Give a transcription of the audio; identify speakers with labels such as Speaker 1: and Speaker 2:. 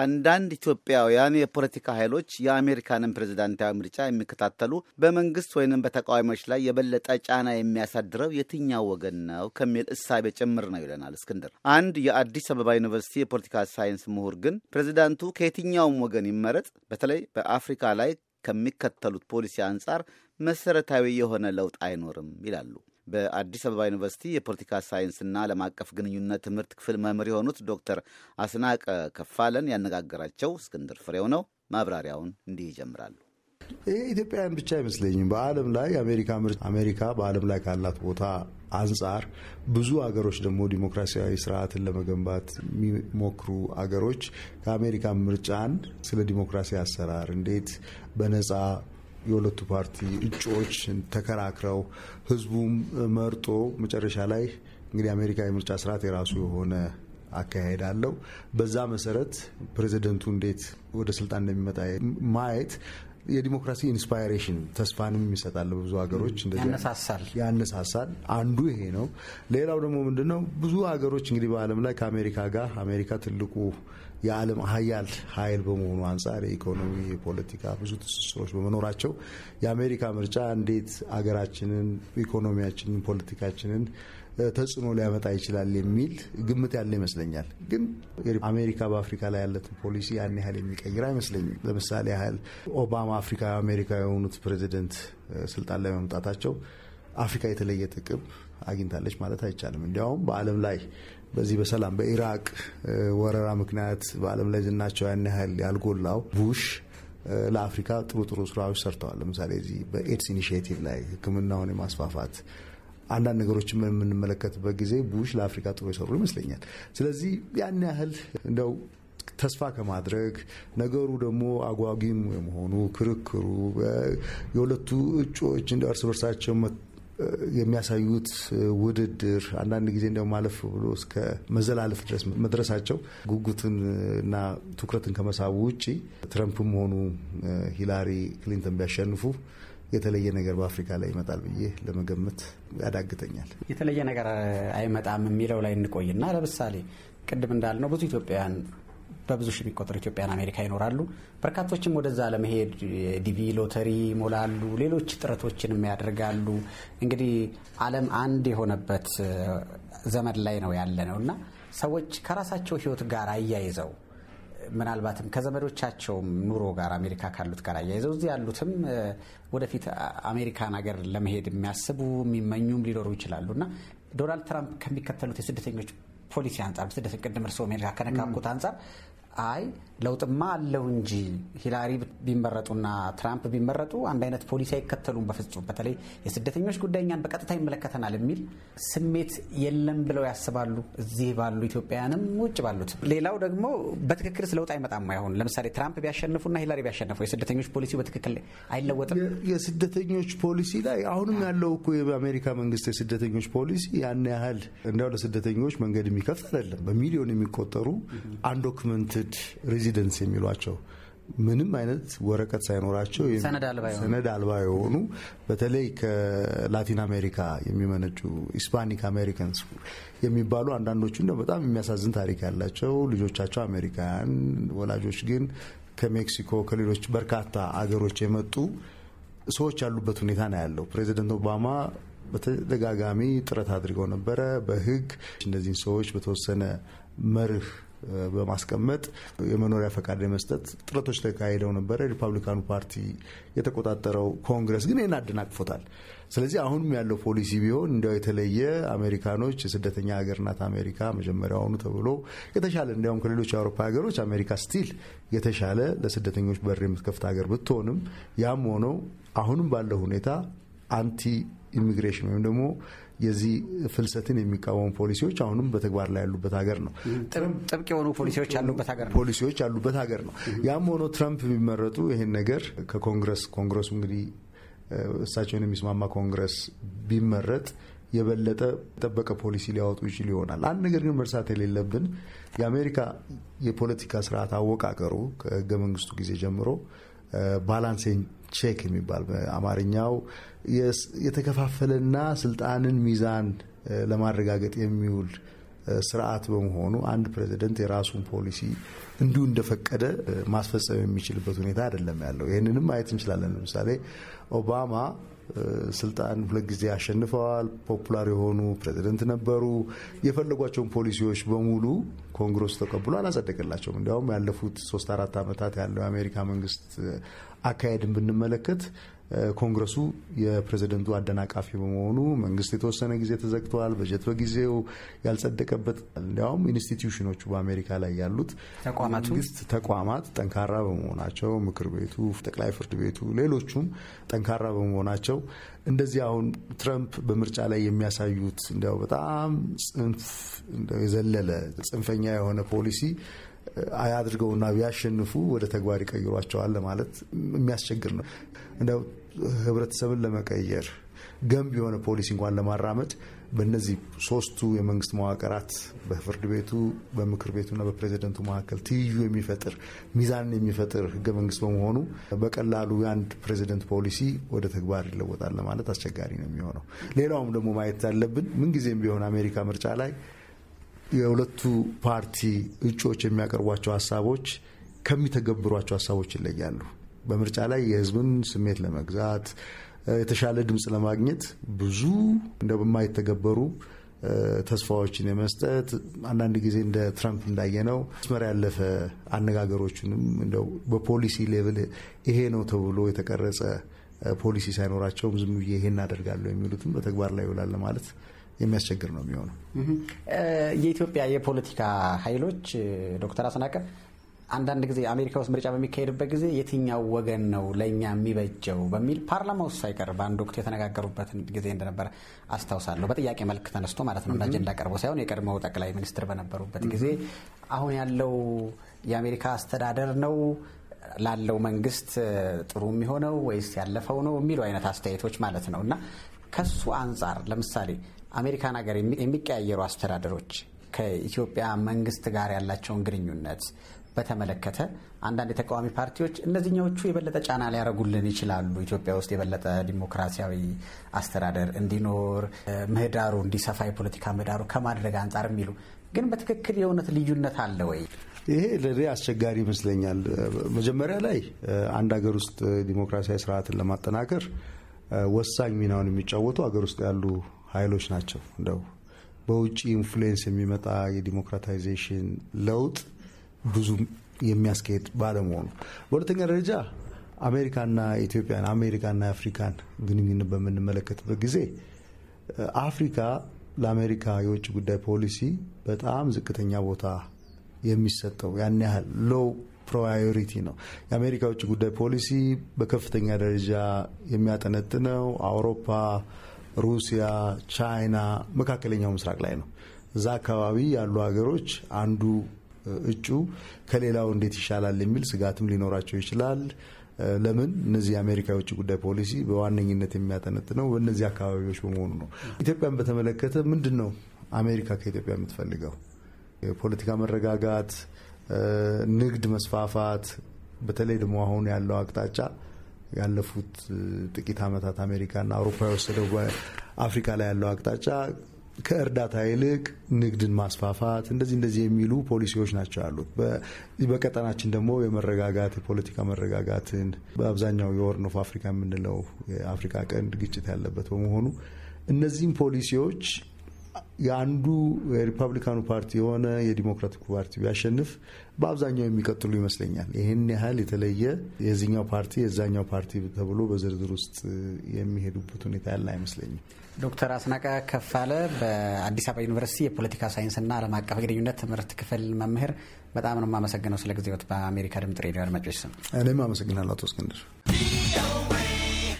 Speaker 1: አንዳንድ ኢትዮጵያውያን የፖለቲካ ኃይሎች የአሜሪካንን ፕሬዝዳንታዊ ምርጫ የሚከታተሉ በመንግስት ወይንም በተቃዋሚዎች ላይ የበለጠ ጫና የሚያሳድረው የትኛው ወገን ነው ከሚል እሳቤ ጭምር ነው ይለናል እስክንድር። አንድ የአዲስ አበባ ዩኒቨርሲቲ የፖለቲካ ሳይንስ ምሁር ግን ፕሬዝዳንቱ ከየትኛውም ወገን ይመረጥ በተለይ በአፍሪካ ላይ ከሚከተሉት ፖሊሲ አንጻር መሰረታዊ የሆነ ለውጥ አይኖርም ይላሉ። በአዲስ አበባ ዩኒቨርሲቲ የፖለቲካ ሳይንስና ዓለም አቀፍ ግንኙነት ትምህርት ክፍል መምህር የሆኑት ዶክተር አስናቀ ከፋለን ያነጋገራቸው እስክንድር ፍሬው ነው። ማብራሪያውን እንዲህ ይጀምራሉ።
Speaker 2: ይህ ኢትዮጵያውያን ብቻ አይመስለኝም። በዓለም ላይ አሜሪካ ምርት አሜሪካ በዓለም ላይ ካላት ቦታ አንጻር ብዙ አገሮች ደግሞ ዲሞክራሲያዊ ስርዓትን ለመገንባት የሚሞክሩ አገሮች ከአሜሪካ ምርጫን ስለ ዲሞክራሲ አሰራር እንዴት በነፃ የሁለቱ ፓርቲ እጩዎች ተከራክረው ህዝቡም መርጦ መጨረሻ ላይ እንግዲህ አሜሪካ የምርጫ ስርዓት የራሱ የሆነ አካሄድ አለው። በዛ መሰረት ፕሬዚደንቱ እንዴት ወደ ስልጣን እንደሚመጣ ማየት የዲሞክራሲ ኢንስፓይሬሽን ተስፋንም ይሰጣል። ብዙ ሀገሮች ያነሳሳል ያነሳሳል። አንዱ ይሄ ነው። ሌላው ደግሞ ምንድነው ብዙ ሀገሮች እንግዲህ በዓለም ላይ ከአሜሪካ ጋር አሜሪካ ትልቁ የዓለም ሀያል ኃይል በመሆኑ አንጻር የኢኮኖሚ፣ የፖለቲካ ብዙ ትስስሮች በመኖራቸው የአሜሪካ ምርጫ እንዴት አገራችንን፣ ኢኮኖሚያችንን፣ ፖለቲካችንን ተጽዕኖ ሊያመጣ ይችላል የሚል ግምት ያለ ይመስለኛል። ግን አሜሪካ በአፍሪካ ላይ ያለትን ፖሊሲ ያን ያህል የሚቀይር አይመስለኝም። ለምሳሌ ያህል ኦባማ አፍሪካ አሜሪካ የሆኑት ፕሬዚደንት ስልጣን ላይ መምጣታቸው አፍሪካ የተለየ ጥቅም አግኝታለች ማለት አይቻልም። እንዲያውም በዓለም ላይ በዚህ በሰላም በኢራቅ ወረራ ምክንያት በዓለም ላይ ዝናቸው ያን ያህል ያልጎላው ቡሽ ለአፍሪካ ጥሩ ጥሩ ስራዎች ሰርተዋል። ለምሳሌ እዚህ በኤድስ ኢኒሽቲቭ ላይ ሕክምናውን የማስፋፋት አንዳንድ ነገሮችን የምንመለከትበት ጊዜ ቡሽ ለአፍሪካ ጥሩ የሰሩ ይመስለኛል። ስለዚህ ያን ያህል እንደው ተስፋ ከማድረግ ነገሩ ደግሞ አጓጊም የመሆኑ ክርክሩ የሁለቱ እጩዎች እንደ እርስ በርሳቸው የሚያሳዩት ውድድር አንዳንድ ጊዜ እንዲያው ማለፍ ብሎ እስከ መዘላለፍ ድረስ መድረሳቸው ጉጉትን እና ትኩረትን ከመሳቡ ውጪ ትረምፕም ሆኑ ሂላሪ ክሊንተን ቢያሸንፉ የተለየ ነገር በአፍሪካ ላይ ይመጣል ብዬ ለመገመት ያዳግተኛል።
Speaker 1: የተለየ ነገር አይመጣም የሚለው ላይ እንቆይና ለምሳሌ ቅድም እንዳልነው ብዙ ኢትዮጵያውያን በብዙ ሺህ የሚቆጠሩ ኢትዮጵያን አሜሪካ ይኖራሉ። በርካቶችም ወደዛ ለመሄድ ዲቪ ሎተሪ ይሞላሉ፣ ሌሎች ጥረቶችንም ያደርጋሉ። እንግዲህ ዓለም አንድ የሆነበት ዘመን ላይ ነው ያለ ነው እና ሰዎች ከራሳቸው ህይወት ጋር አያይዘው ምናልባትም ከዘመዶቻቸውም ኑሮ ጋር አሜሪካ ካሉት ጋር አያይዘው እዚህ ያሉትም ወደፊት አሜሪካን ሀገር ለመሄድ የሚያስቡ የሚመኙም ሊኖሩ ይችላሉ እና ዶናልድ ትራምፕ ከሚከተሉት የስደተኞች ፖሊሲ አንጻር በተደሰ ቅድም እርስዎ ሜሪካ ከነካኩት አንጻር አይ ለውጥማ አለው እንጂ ሂላሪ ቢመረጡና ትራምፕ ቢመረጡ አንድ አይነት ፖሊሲ አይከተሉም በፍጹም በተለይ የስደተኞች ጉዳይ በቀጥታ ይመለከተናል የሚል ስሜት የለም ብለው ያስባሉ እዚህ ባሉ ኢትዮጵያውያንም ውጭ ባሉት። ሌላው ደግሞ በትክክል ለውጥ አይመጣም አይሆን ለምሳሌ ትራምፕ ቢያሸንፉና ሂላሪ ቢያሸንፉ የስደተኞች ፖሊሲ በትክክል
Speaker 2: አይለወጥም። የስደተኞች ፖሊሲ ላይ አሁንም ያለው እኮ የአሜሪካ መንግስት የስደተኞች ፖሊሲ ያን ያህል እንዲያው ለስደተኞች መንገድ የሚከፍት አይደለም። በሚሊዮን የሚቆጠሩ አንዶክመንትድ ሪጅድ ሬዚደንስ የሚሏቸው ምንም አይነት ወረቀት ሳይኖራቸው ሰነድ አልባ የሆኑ በተለይ ከላቲን አሜሪካ የሚመነጩ ሂስፓኒክ አሜሪካንስ የሚባሉ አንዳንዶቹ በጣም የሚያሳዝን ታሪክ ያላቸው ልጆቻቸው አሜሪካውያን ወላጆች ግን ከሜክሲኮ ከሌሎች በርካታ አገሮች የመጡ ሰዎች ያሉበት ሁኔታ ነው ያለው። ፕሬዚደንት ኦባማ በተደጋጋሚ ጥረት አድርገው ነበረ። በህግ እነዚህን ሰዎች በተወሰነ መርህ በማስቀመጥ የመኖሪያ ፈቃድ የመስጠት ጥረቶች ተካሂደው ነበረ። ሪፐብሊካኑ ፓርቲ የተቆጣጠረው ኮንግረስ ግን ይህን አደናቅፎታል። ስለዚህ አሁንም ያለው ፖሊሲ ቢሆን እንዲያው የተለየ አሜሪካኖች የስደተኛ ሀገር ናት አሜሪካ መጀመሪያውኑ ተብሎ የተሻለ እንዲያውም ከሌሎች የአውሮፓ ሀገሮች አሜሪካ ስቲል የተሻለ ለስደተኞች በር የምትከፍት ሀገር ብትሆንም ያም ሆነው አሁንም ባለው ሁኔታ አንቲ ኢሚግሬሽን ወይም ደግሞ የዚህ ፍልሰትን የሚቃወሙ ፖሊሲዎች አሁንም በተግባር ላይ ያሉበት ሀገር ነው።
Speaker 1: ጥብቅ የሆኑ ፖሊሲዎች ያሉበት ሀገር ነው።
Speaker 2: ፖሊሲዎች ያሉበት ሀገር ነው። ያም ሆኖ ትራምፕ ቢመረጡ ይህን ነገር ከኮንግረስ ኮንግረሱ እንግዲህ እሳቸውን የሚስማማ ኮንግረስ ቢመረጥ የበለጠ የጠበቀ ፖሊሲ ሊያወጡ ይችሉ ይሆናል። አንድ ነገር ግን መርሳት የሌለብን የአሜሪካ የፖለቲካ ስርዓት አወቃቀሩ ከህገ መንግስቱ ጊዜ ጀምሮ ባላንሴን ቼክ የሚባል በአማርኛው የተከፋፈለና ስልጣንን ሚዛን ለማረጋገጥ የሚውል ስርዓት በመሆኑ አንድ ፕሬዚደንት የራሱን ፖሊሲ እንዲሁ እንደፈቀደ ማስፈጸም የሚችልበት ሁኔታ አይደለም ያለው። ይህንንም ማየት እንችላለን። ለምሳሌ ኦባማ ስልጣን ሁለት ጊዜ አሸንፈዋል። ፖፑላር የሆኑ ፕሬዚደንት ነበሩ። የፈለጓቸውን ፖሊሲዎች በሙሉ ኮንግረሱ ተቀብሎ አላጸደቀላቸውም። እንዲያውም ያለፉት ሶስት አራት ዓመታት ያለው የአሜሪካ መንግስት አካሄድን ብንመለከት ኮንግረሱ የፕሬዝደንቱ አደናቃፊ በመሆኑ መንግስት የተወሰነ ጊዜ ተዘግተዋል። በጀት በጊዜው ያልጸደቀበት እንዲያውም ኢንስቲትዩሽኖቹ በአሜሪካ ላይ ያሉት መንግስት ተቋማት ጠንካራ በመሆናቸው ምክር ቤቱ፣ ጠቅላይ ፍርድ ቤቱ፣ ሌሎቹም ጠንካራ በመሆናቸው እንደዚህ አሁን ትረምፕ በምርጫ ላይ የሚያሳዩት እንዲያው በጣም ጽንፍ የዘለለ ጽንፈኛ የሆነ ፖሊሲ አያድርገውና ቢያሸንፉ ወደ ተግባር ይቀይሯቸዋል ለማለት የሚያስቸግር ነው። እንደው ህብረተሰብን ለመቀየር ገንቢ የሆነ ፖሊሲ እንኳን ለማራመድ በእነዚህ ሶስቱ የመንግስት መዋቅራት በፍርድ ቤቱ፣ በምክር ቤቱና በፕሬዚደንቱ መካከል ትይዩ የሚፈጥር ሚዛንን የሚፈጥር ህገ መንግስት በመሆኑ በቀላሉ የአንድ ፕሬዚደንት ፖሊሲ ወደ ተግባር ይለወጣል ለማለት አስቸጋሪ ነው የሚሆነው። ሌላውም ደግሞ ማየት ያለብን ምንጊዜም ቢሆን አሜሪካ ምርጫ ላይ የሁለቱ ፓርቲ እጩዎች የሚያቀርቧቸው ሀሳቦች ከሚተገብሯቸው ሀሳቦች ይለያሉ። በምርጫ ላይ የህዝብን ስሜት ለመግዛት የተሻለ ድምፅ ለማግኘት ብዙ እንደማይተገበሩ ተስፋዎችን የመስጠት አንዳንድ ጊዜ እንደ ትራምፕ እንዳየነው መስመር ያለፈ አነጋገሮችንም እንደው በፖሊሲ ሌቭል ይሄ ነው ተብሎ የተቀረጸ ፖሊሲ ሳይኖራቸውም ዝም ብዬ ይሄ እናደርጋለሁ የሚሉትም በተግባር ላይ ይውላል ማለት የሚያስቸግር ነው የሚሆነው።
Speaker 1: የኢትዮጵያ የፖለቲካ ኃይሎች ዶክተር አስናቀ አንዳንድ ጊዜ አሜሪካ ውስጥ ምርጫ በሚካሄድበት ጊዜ የትኛው ወገን ነው ለእኛ የሚበጀው በሚል ፓርላማ ውስጥ ሳይቀር በአንድ ወቅት የተነጋገሩበት ጊዜ እንደነበረ አስታውሳለሁ። በጥያቄ መልክ ተነስቶ ማለት ነው እንደ አጀንዳ ቀርቦ ሳይሆን የቀድሞው ጠቅላይ ሚኒስትር በነበሩበት ጊዜ አሁን ያለው የአሜሪካ አስተዳደር ነው ላለው መንግስት ጥሩ የሚሆነው ወይስ ያለፈው ነው የሚሉ አይነት አስተያየቶች ማለት ነው እና ከሱ አንጻር ለምሳሌ አሜሪካን ሀገር የሚቀያየሩ አስተዳደሮች ከኢትዮጵያ መንግስት ጋር ያላቸውን ግንኙነት በተመለከተ አንዳንድ የተቃዋሚ ፓርቲዎች እነዚህኛዎቹ የበለጠ ጫና ሊያደርጉልን ይችላሉ፣ ኢትዮጵያ ውስጥ የበለጠ ዲሞክራሲያዊ አስተዳደር እንዲኖር ምህዳሩ እንዲሰፋ የፖለቲካ ምህዳሩ ከማድረግ አንጻር የሚሉ ግን በትክክል የእውነት ልዩነት አለ ወይ?
Speaker 2: ይሄ ለእኔ አስቸጋሪ ይመስለኛል። መጀመሪያ ላይ አንድ ሀገር ውስጥ ዲሞክራሲያዊ ስርዓትን ለማጠናከር ወሳኝ ሚናውን የሚጫወቱ ሀገር ውስጥ ያሉ ኃይሎች ናቸው። እንደው በውጭ ኢንፍሉዌንስ የሚመጣ የዲሞክራታይዜሽን ለውጥ ብዙ የሚያስካሄድ ባለመሆኑ፣ በሁለተኛ ደረጃ አሜሪካና ኢትዮጵያን አሜሪካና አፍሪካን ግንኙነት በምንመለከትበት ጊዜ አፍሪካ ለአሜሪካ የውጭ ጉዳይ ፖሊሲ በጣም ዝቅተኛ ቦታ የሚሰጠው ያን ያህል ሎው ፕራዮሪቲ ነው። የአሜሪካ የውጭ ጉዳይ ፖሊሲ በከፍተኛ ደረጃ የሚያጠነጥነው አውሮፓ ሩሲያ፣ ቻይና፣ መካከለኛው ምስራቅ ላይ ነው። እዛ አካባቢ ያሉ ሀገሮች አንዱ እጩ ከሌላው እንዴት ይሻላል የሚል ስጋትም ሊኖራቸው ይችላል። ለምን እነዚህ የአሜሪካ የውጭ ጉዳይ ፖሊሲ በዋነኝነት የሚያጠነጥነው በእነዚህ አካባቢዎች በመሆኑ ነው። ኢትዮጵያን በተመለከተ ምንድን ነው አሜሪካ ከኢትዮጵያ የምትፈልገው? የፖለቲካ መረጋጋት፣ ንግድ መስፋፋት፣ በተለይ ደግሞ አሁን ያለው አቅጣጫ ያለፉት ጥቂት ዓመታት አሜሪካና አውሮፓ የወሰደው በአፍሪካ ላይ ያለው አቅጣጫ ከእርዳታ ይልቅ ንግድን ማስፋፋት እንደዚህ እንደዚህ የሚሉ ፖሊሲዎች ናቸው ያሉት። በቀጠናችን ደግሞ የመረጋጋት የፖለቲካ መረጋጋትን በአብዛኛው የሆርን ኦፍ አፍሪካ የምንለው የአፍሪካ ቀንድ ግጭት ያለበት በመሆኑ እነዚህም ፖሊሲዎች የአንዱ የሪፐብሊካኑ ፓርቲ የሆነ የዲሞክራቲኩ ፓርቲ ቢያሸንፍ በአብዛኛው የሚቀጥሉ ይመስለኛል። ይህን ያህል የተለየ የዚኛው ፓርቲ የዛኛው ፓርቲ ተብሎ በዝርዝር ውስጥ የሚሄዱበት ሁኔታ ያለ አይመስለኝም።
Speaker 1: ዶክተር አስናቀ ከፋለ በአዲስ አበባ ዩኒቨርሲቲ የፖለቲካ ሳይንስና ዓለም አቀፍ ግንኙነት ትምህርት ክፍል መምህር፣ በጣም ነው የማመሰግነው ስለ ጊዜዎት በአሜሪካ ድምጽ ሬዲዮ አድማጮች ስም እኔም አመሰግናለሁ አቶ እስክንድር።